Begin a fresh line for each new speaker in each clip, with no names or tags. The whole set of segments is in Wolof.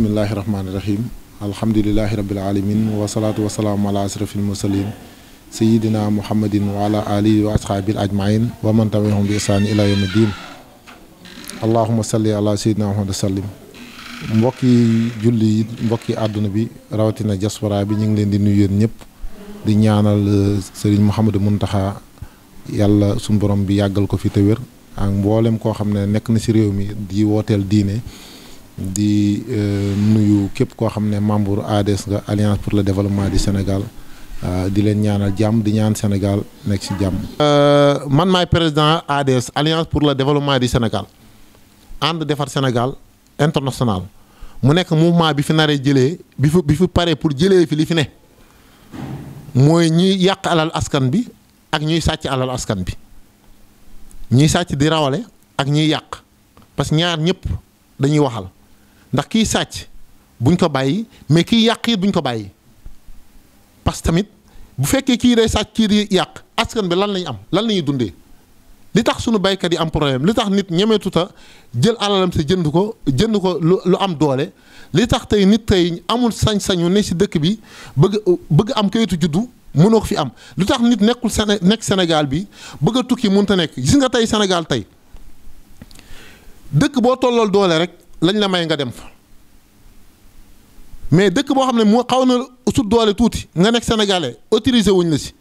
bismillahi rahmaani rahim alhamdulilahi rabil alamin wasalaatu wasalaamu ala asrafil mursalin sayidina muhammadin wa ala alihi wa ashaabil ajmain wa man tabi'ahum bi ihsaan ila yawmi allahuma salli mbokki julli yi mbokki àdduna bi rawatina jaspora bi ñu ngi leen di nuyu yéen ñëpp di ñaanal uh, sëriñ Mouhamadou Mountakha yàlla suñu borom bi yàggal ko fi te ak mboolem koo xam ne nekk na si réew mi di wooteel diine di euh, nuyu képp koo xam ne membre ADS nga alliance pour le développement du Sénégal euh, di leen ñaanal jàmm di ñaan Sénégal nekk ci jàmm. Euh, man maay président ADS alliance pour le développement di Sénégal ànd defar Sénégal international mu nekk mouvement bi fi naree jëlee bi fi bi fi paree pour jëlee fi li fi ne mooy ñuy yàq alal askan bi ak ñuy sàcc alal askan bi ñuy sàcc di rawale ak ñuy yàq parce que ñaar ñëpp dañuy waxal. ndax kiy sàcc buñ ko bàyyi mais kiy yàq it buñ ko bàyyi parce que tamit bu fekkee kii day sàcc kii di yàq askan bi lan lañ am lan la ñuy dundee li tax suñu baykat yi am problème li tax nit ñemeetuta jël alalam si jënd ko jënd ko lu lu am doole li tax tey nit tey amul sañ-sañu ne si dëkk bi bëgg am kayitu juddu mënoo ko fi am lu tax nit nekkul Séné nekk Sénégal bi bëgg a tukki mënut a nekk gis nga tey Sénégal tey dëkk boo tollool doole rek. lañ la may nga dem fa mais dëkk boo xam ne mu xaw na su doole tuuti nga nekk sénégalais autorisé wuñ la si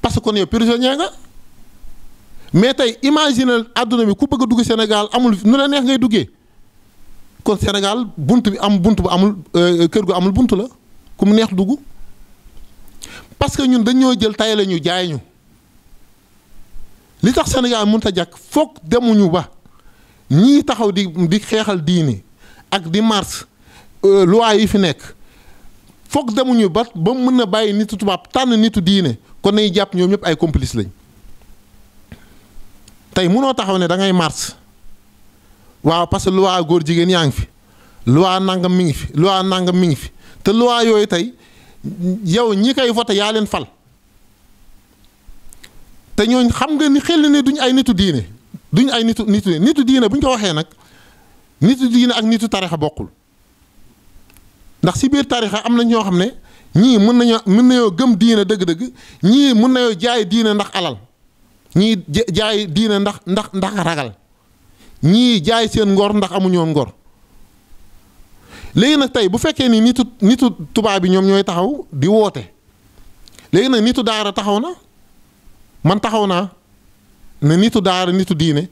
parce que kon yow prisonnier nga mais tey imagine àdduna bi ku bëgg a dugg Sénégal amul nu la neex ngay duggee kon Sénégal bunt bi am bunt bu amul euh, kër gu amul bunt la ku mu neex dugg parce que ñun dañoo jël tay la ñu jaay ñu li tax Sénégal mënut a jàkk foog demuñu ba. ñii taxaw di di xeexal diini ak di mars euh, loi yi fi nekk foog demuñu ba ba mën na bàyyi nitu tubaab tànn nitu diine kon nay jàpp ñoom ñëpp ay complice lañ tey mënoo taxaw ne dangay ngay mars waaw parce que loi góor jigéen yaa ngi fi loi nangam mi ngi fi loi nangam mi ngi fi te loi yooyu tey yow ñi koy voté yaa leen fal te ñooñ xam nga ni xel ne duñ ay nitu diine. duñ ay nitu nitu nitu bu ñu ko waxee nag nitu diine ak nitu tarixa bokkul ndax si biir tarixa am na ñoo xam ne ñii mën nañoo mën nañoo gëm diine dëgg-dëgg ñii mën nañoo jaay diine ndax alal ñii jaay diine ndax ndax ndax ragal ñii jaay seen ngor ndax amuñoo ngor léegi nag tey bu fekkee ni nitu nitu tubaab bi ñoom ñooy taxaw di woote léegi nag nitu daara taxaw na man taxaw naa ne nitu daara nitu diine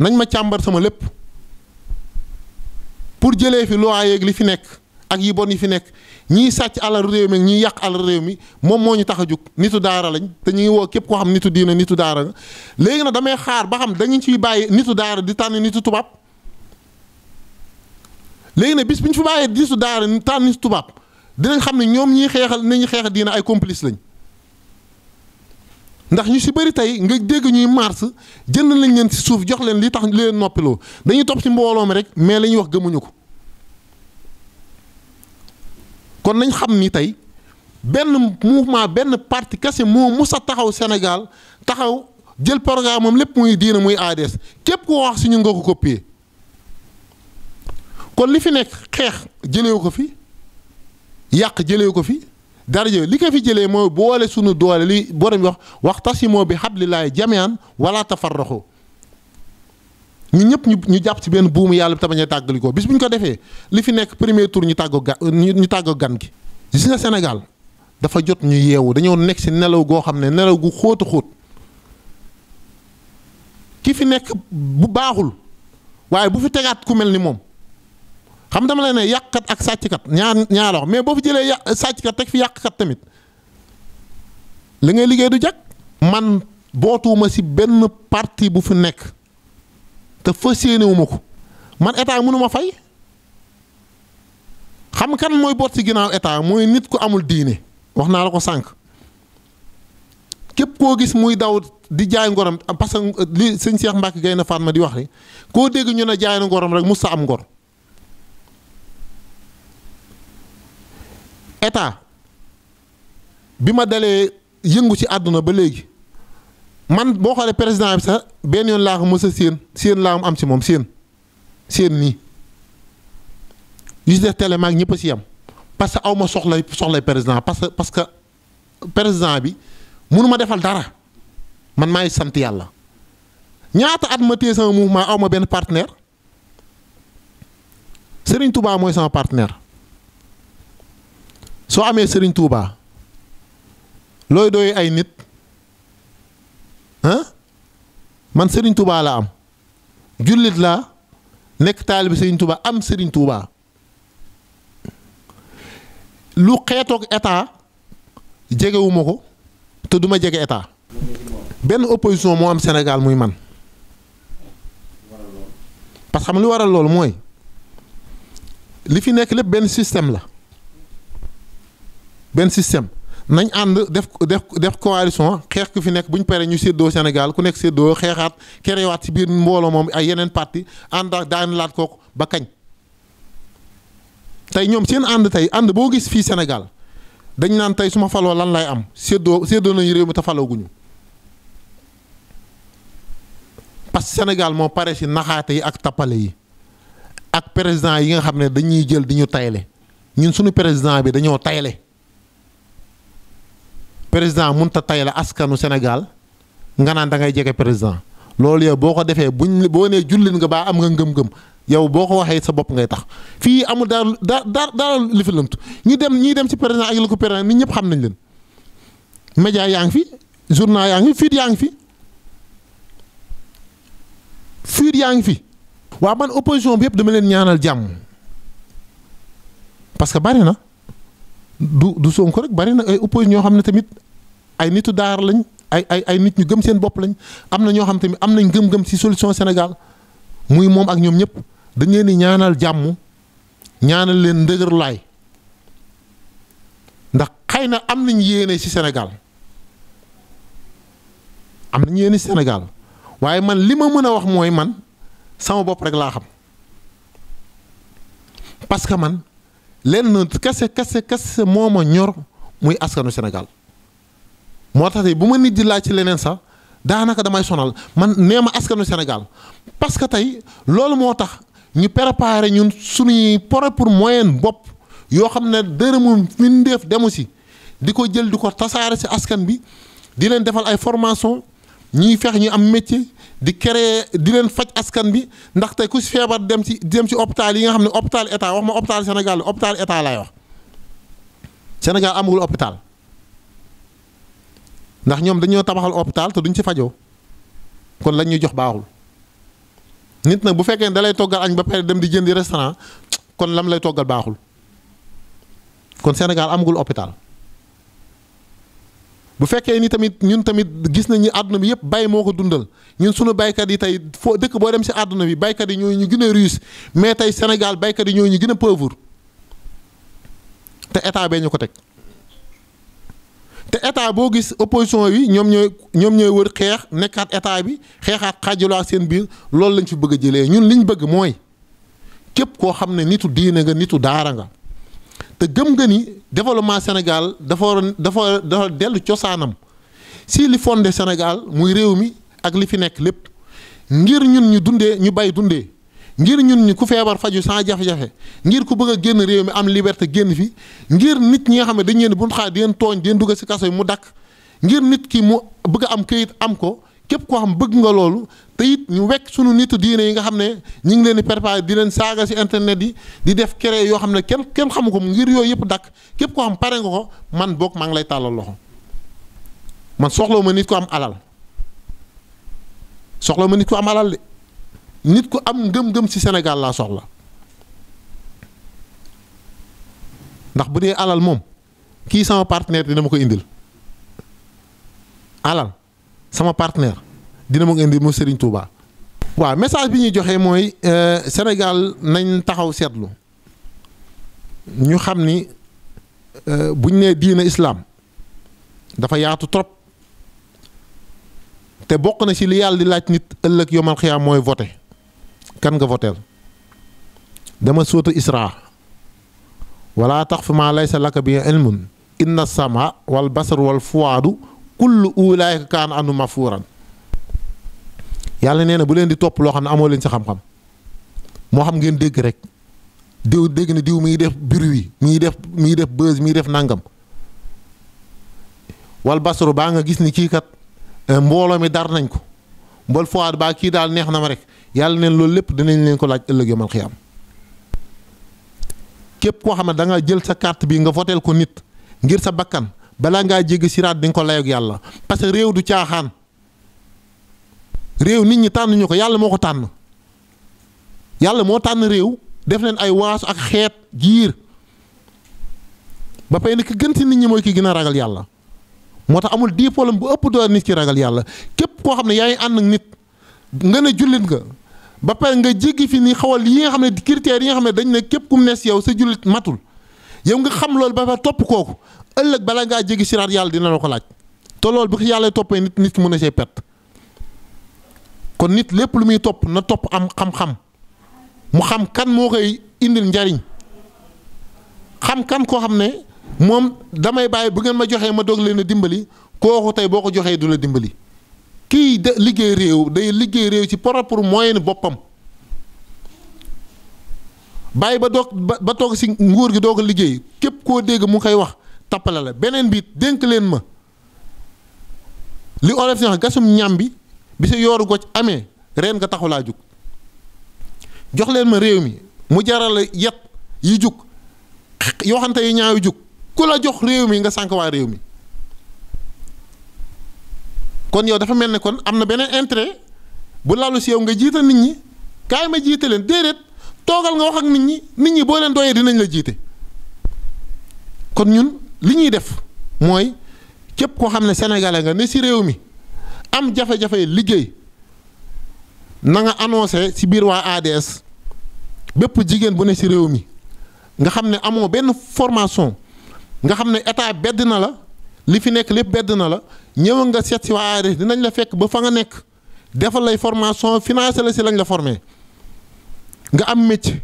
nañ ma càmbar sama lépp pour jëlee fi loi yeeg li fi nekk ak yi bon yi fi nekk ñiy sàcc alal réew mi ñiy yàq alal réew mi moom moo ñu tax a jug nitu daara lañ te ñu ngi woo képp koo xam nitu diine nitu daara nga léegi nag damay xaar ba xam dañu ciy bàyyi nitu daara di tànn nitu tubaab léegi nag bis bu ñu fi bàyyee nitu daara tànni nitu tubaab dinañ xam ne ñoom ñiy xeexal nañu xeexal diine ay complice lañ. ndax ñu si bëri tey nga dégg ñuy mars jënd nañ leen si suuf jox leen li tax li leen noppiloo dañuy topp si mbooloo rek mais li ñuy wax gëmuñu ko kon nañ xam ni tey benn mouvement benn parti kese moo mu a taxaw Sénégal taxaw jël programme moom lépp muy diina muy ADS képp koo wax si ñu nga ko copier kon li fi nekk xeex jëlewu ko fi yàq jëlewu ko fi daraja li ko fi jëlee mooy boole sunu doole li borom wax wax waxtasimoo bi hablillahi jamian wala tafarraqu ñu ñëpp ñu ñu jàpp ci benn buumu yàlla bi tabañee tàggali ko bis bu ñu ko defee li fi nekk premier tour ñu tàggoo ga ñu tàggoo gan gi. gis nga Sénégal dafa jot ñu yeewu dañoo nekk ci nelaw goo xam ne nelaw gu xóotu xóot ki fi nekk bu baaxul waaye bu fi tegaat ku mel ni moom. xam dama la ne yàqkat ak sàcckat ñaar ñaar mais boo fi jëlee yà kat teg fi yàqkat tamit li ngay liggéey du jag man bootuwuma si benn parti bu fi nekk te fas yéenewuma ko man état mënuma fay xam kan mooy boot ci ginnaaw état mooy nit ku amul diine wax naa la ko sànq képp koo gis muy daw di jaay ngorom parce que li sëñ Cheikh Mbacke Gaynde ma di wax rek koo dégg ñu ne jaay na ngorom rek mus sa am ngor état bi ma dalee yëngu ci àdduna ba léegi man boo xoolee président bi sax benn yoon laa ko mës a séen séen laa am si moom seen seen nii yu si def télé maag ñëpp a si yam parce que aw ma soxlay soxlay président parce que parce que président bi mënu ma defal dara man maay sant yàlla ñaata at ma téye sama mouvement aw ma benn partenaire Serigne Touba mooy sama partenaire. soo amee sëriñ Touba looy dooy ay nit man sëriñ Touba laa am jullit laa nekk taalibi sëriñ Touba am sëriñ Touba lu xeetoog état jegewuma ko te duma ma jege état benn opposition moo am Sénégal muy man parce que xam li waral loolu mooy li fi nekk lépp benn système la benn système nañ ànd def def def coalition xeex ku fi nekk buñ ñu paree ñu séddoo Sénégal ku nekk séddoo xeexaat kerewaat ci biir mbooloo moom ay yeneen parti ànd ak daan laat kooku ba kañ. tey ñoom seen ànd tey ànd boo gis fii Sénégal dañ naan tey suma faloo lan lay am séddoo séddoo nañu réew mi te falooguñu parce que Sénégal moo pare si naxaate yi ak tappale yi ak président yi nga xam ne dañuy jël di ñu tayle ñun suñu président bi dañoo tayle président mun ta tay la askanu Sénégal nga naan da ngay jege président loolu yow boo ko defee buñ boo nee jullit nga baa am nga ngëm-ngëm yow boo ko waxee sa bopp ngay tax fii amul daal da daal daal li fi ñi dem ñi dem si président ak la ko président ni ñëpp xam nañ leen. média yaa ngi fi journal yaa ngi fi fuite yaa ngi fi fuite yaa ngi fi. waa man opposition bi yëpp dama leen ñaanal jàmm parce que bari na du du Sonko rek bari na ay opposition ñoo xam ne tamit. ay nitu daar lañ ay ay ay nit ñu gëm seen bopp lañ am na ñoo xam tamit am nañ gëm-gëm ci solution Sénégal muy moom ak ñoom ñëpp dañ leen di ñaanal jàmm ñaanal leen ndëgër laay ndax xëy na am nañ yéene ci Sénégal am nañ yéene ci Sénégal waaye man li ma mën a wax mooy man sama bopp rek laa xam parce que man lenn kese kese kese moo ma ñor muy askanu Sénégal. moo tax tey bu ma nit di laaj ci leneen sax daanaka damay sonal man nee ma askanu Sénégal parce que tey loolu moo tax ñu préparer ñun suñuy propre moyen bopp yoo xam ne dërëmu mbindeef demu si di ko jël di ko tasaare si askan bi di leen defal ay formation ñuy fex ñu am métier di créer di leen faj askan bi ndax tey ku si feebar dem ci dem ci hôpital yi nga xam ne hôpital état wax ma hôpital Sénégal hôpital état laay wax Sénégal amul hôpital ndax ñoom dañoo tabaxal hôpital te duñ ci fajoo kon lañ ñuy jox baaxul nit nag bu fekkee ne da lay toggal añ ba pare dem di jëndi restaurant kon lam lay toggal baaxul kon Sénégal amagul hôpital bu fekkee ni tamit ñun tamit gis nañ ni àdduna bi yëpp bay moo ko dundal ñun suñu baykat yi tey foo dëkk boo dem si àdduna bi baykat yi ñoo ñu gën a riche mais tey Sénégal baykat yi ñoo ñu gën a pauvre te état bee ñu ko teg. te état boo gis opposition yi ñoom ñooy ñoom ñooy wër xeex nekkaat état bi xeexaat xaajaloo seen biir loolu lañ fi bëgg a jëlee ñun liñ bëgg mooy képp koo xam ne nitu diine nga nitu daara nga te gëm nga ni développement Sénégal dafa dafa dafa dellu cosaanam si li fondé Sénégal muy réew mi ak li fi nekk lépp ngir ñun ñu dundee ñu bay dundee. ngir ñun ñi ku feebar faju sans jafe-jafe ngir ku bëgg a génn réew mi am liberté génn fi ngir nit ñi nga xam ne dañ leen buñ xaar di leen tooñ di leen dugg si kaso yi mu dakk ngir nit ki mu bëgg a am këyit am ko képp koo xam bëgg nga loolu te it ñu wekk sunu nitu diine yi nga xam ne ñu ngi leen di préparé di leen saaga si internet yi di def kere yoo xam ne kenn kenn xamu ko mu ngir yooyu yëpp dakk képp koo xam pare nga ko man boog maa ngi lay tàllal loxo man soxlawu ma nit ko am alal soxlawu ma nit ku am ngëm-ngëm ci Sénégal laa soxla ndax bu dee alal moom kii sama partenaire dina ma ko indil alal sama partenaire dina ma ko indil mo Serigne Touba. waa message bi ñuy joxee mooy euh, Sénégal nañ taxaw seetlu ñu xam ni euh, buñ nee diina islaam dafa yaatu trop te bokk na ci li yàlla di laaj nit ëllëg yomal xiyaam mooy vote kan nga voteel dama sóotu isra wala taxfu maa laysa laka bi ilmun inna sama wal basar wal fuwaadu kullu ulaayka kaan anu yàlla nee na bu leen di topp loo xam ne amoo leen si xam-xam moo xam ngeen dégg rek diw dégg na diw mi ngi def bruit mi ngi def mi ngi def buzz mi def nangam wal basaru baa nga gis ni kii kat eh, mbooloo mi dar nañ ko mbal fuwaadu baa kii daal neex na ma rek yàlla neen loolu lépp dinañ leen ko laaj ëllëg yomal xiyaam képp koo xam ne da jël sa carte bi nga footeel ko nit ngir sa bakkan balaa ngaa jéggi siraat di nga ko layoog yàlla parce que réew du caaxaan réew nit ñi tànn ñu ko yàlla moo ko tànn yàlla moo tànn réew def leen ay waasu ak xeet giir ba pay ne ki gën ci nit ñi mooy ki gën a ragal yàlla moo tax amul di problème bu ëpp doole nit ki ragal yàlla képp koo xam ne yaa ànd ak nit nga ne jullit nga ba pare nga jéggi fi ni xawal yi nga xam ne critères yi nga xam ne dañ ne képp kum nees yow sa jullit matul yow nga xam loolu ba pare topp kooku ëllëg bala ngaa jéggi siraat yàlla dina la ko laaj te loolu bu ko yàlla toppee nit nit ki mën a see perte kon nit lépp lu muy topp na topp am xam-xam mu xam kan moo koy indil njariñ xam kan koo xam ne moom damay bàyyi bu ngeen ma joxee ma doog leen a dimbali kooku tey boo ko joxee du la dimbali. kii de liggéey réew day liggéey réew ci par rapport moyen boppam bàyyi ba doog ba toog si nguur gi doog a liggéey képp koo dégg mu koy wax tappale la beneen biit dénk leen ma li olof wax gasum ñam bi bi sa yooru goj amee reen nga taxulaa laa jug jox leen ma réew mi mu jaral yet yi jug yoxante yi ñaaw yi jug ku la jox réew mi nga sànk waa réew mi kon yow dafa mel ni kon am na beneen intérêt bu lalu si nga jiital nit ñi kaay ma jiite leen déedéet toogal nga wax ak nit ñi nit ñi boo leen doyee dinañ la jiite kon ñun li ñuy def mooy képp koo xam ne sénégalais nga ne si réew mi am jafe-jafe liggéey na nga annoncé si biir waa ADS bépp jigéen bu ne si réew mi nga xam ne amoo benn formation nga xam ne état bedd na la. li fi nekk lépp bedd na la ñëw nga seet si waa ARS dinañ la fekk ba fa nga nekk defal lay formation financé la si lañ la formé nga am métier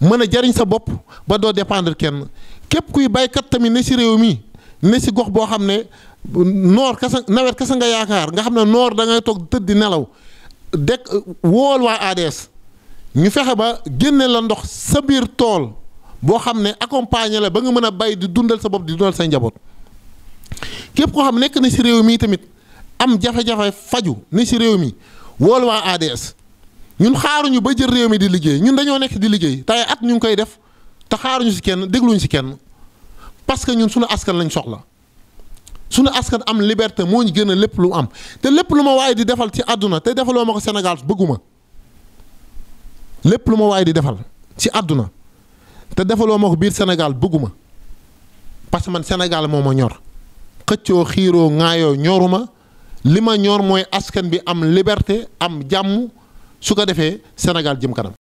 mën a jariñ sa bopp ba doo dépendre kenn képp kuy baykat tamit ne si réew mi ne si gox boo xam ne noor kasa nawet kasa nga yaakaar nga xam ne noor da ngay toog tëdd di nelaw dekk wool waa ADS ñu fexe ba génnee la ndox sa biir tool boo xam ne accompagner la ba nga mën a bay di dundal sa bopp di dundal say njaboot. képp koo xam nekk na si réew mii tamit am jafe-jafe faju ne si réew mi wool waa ADS ñun xaaruñu ba jël réew mi di liggéey ñun dañoo nekk di liggéey tey at ñu ngi koy def te xaaruñu si kenn dégluñu si kenn parce que ñun suñu askan lañ soxla sunu askan am liberté moo ñu gën lépp lu am te lépp lu ma waaye di defal ci àdduna te defaloo ma ko Sénégal bëgguma lépp lu ma waaye di defal ci àdduna te defaloo ma ko biir Sénégal bëgguma parce que man Sénégal moo ñor. xëccoo xiiroo ŋaayoo ñoruma li ma ñor mooy askan bi am liberté am jàmm su ko defee Sénégal jëm kanam